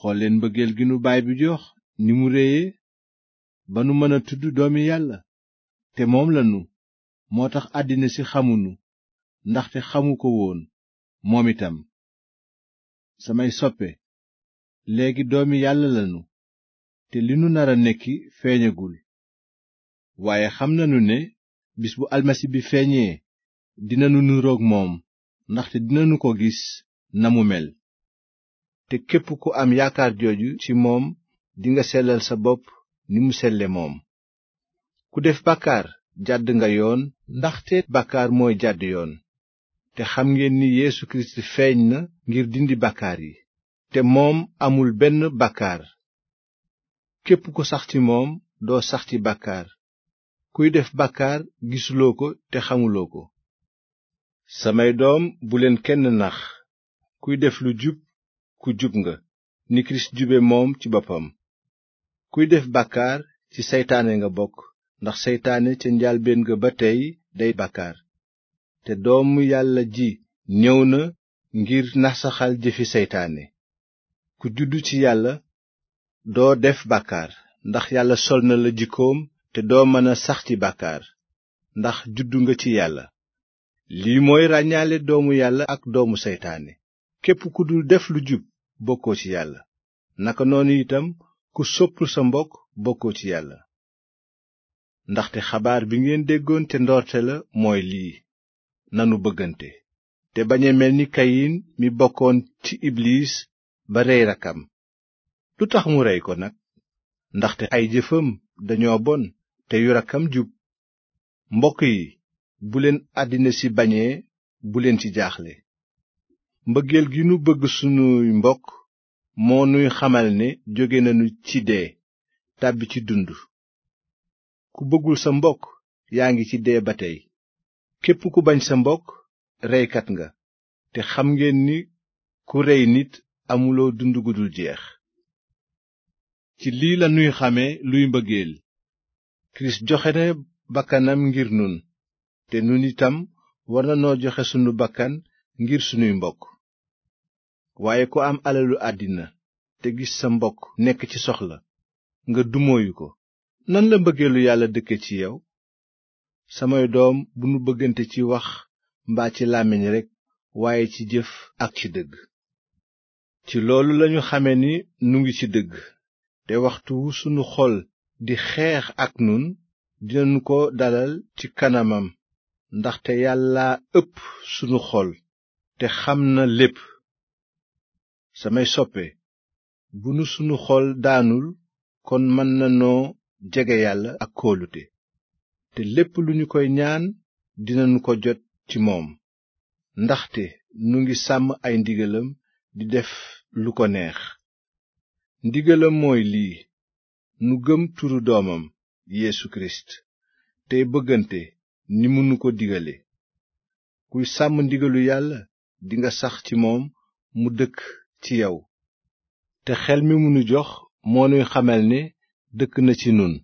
xool leen mbëggeel gi nu baay bu jox ni mu réye ba nu mën a tudd doomi yàlla te moom lanu moo tax àddina si xamunu ndaxte xamu ko woon moom itam samay soppe léegi doomi yàlla lanu te li nu nar a nekki feeñagul waaye xam nanu ne bis bu almasi bi feeñee dinanu nuroog moom ndaxte dinanu ko gis na mu mel te képp ku am yaakaar jooju ci moom dinga sellal sa bopp ni mu selle moom ku def bàkkaar jàdd nga yoon ndaxte bàkkaar mooy jàdd yoon te xam ngeen ni Yeesu Kirist feeñ na ngir dindi bàkkaar yi te moom amul benn bàkkaar képp ku sax ci moom doo sax ci bàkkaar kuy def bàkkaar gisuloo ko te xamuloo ko samay doom bu leen kenn nax kuy def lu jub ku jub nga ni jube moom ci boppam kuy def bàkkaar ci seytaane nga bokk ndax seytaane ca njaalbeen ga ba tey day bàkkaar te doomu yàlla ji ñëw na ngir nasaxal jëfi seytaane ku juddu ci yàlla doo def bàkkaar ndax yàlla sol na la jikkoom te doo mën a sax ci bàkkaar ndax judd nga ci yàlla lii mooy ràññaale doomu yàlla ak doomu seytaane képp ku dul def lu jub bokkoo ci yàlla naka noonu itam ku soppul sa mbokk bokkoo ci yàlla ndaxte xabaar bi ngeen déggoon te ndoorte la mooy lii nanu bëggante te bañe mel ni kayin mi bokkoon ci ibliis ba rey rakkam lu tax mu rey ko nag ndaxte ay jëfam dañoo bon te yu rakkam jub mbokk yi buleen àddina si bañee buleen ci jaaxle mbëggeel gi nu bëgg sunuy mbokk moo nuy xamal ne jóge nanu ci dee tàbbi ci dund ku bëggul sa mbokk yaa ngi ci dee ba tey képp ku bañ sa mbokk reykat nga te xam ngeen ni ku rey nit amuloo dund gu jeex ci lii lanuy xamee luy mbëggeel kirist joxe na bakkanam ngir nun te nun itam war noo joxe sunu bakkan ngir sunuy mbokk waaye ku am alalu àddina te gis sa mbokk nekk ci soxla nga dumooyu ko nan la mbëggeelu yàlla dëkke ci yow samay doom bu nu bëggante ci wax mbaa ci làmmiñ rekk waaye ci jëf ak ci dëgg ci loolu lañu xame ni nu ngi ci dëgg te waxtu wu sunu xol di xeex ak nun dinañu ko dalal ci kanamam ndaxte yàlla ëpp sunu xol te xam na lépp samay soppe bu nu sunu xol daanul kon mën na noo jege yàlla ak kóolute te lépp lu ñu koy ñaan dinanu ko jot ci moom ndaxte nu ngi sàmm ay ndigalam di def lu ko neex ndigalam mooy lii nu gëm turu doomam yéesu Kirist te bëggante ni mu nu ko digale kuy sàmm ndigalu yàlla dinga sax ci moom mu dëkk ci yow te xel mi mënu jox moo nuy xamal ne dëkk na ci nun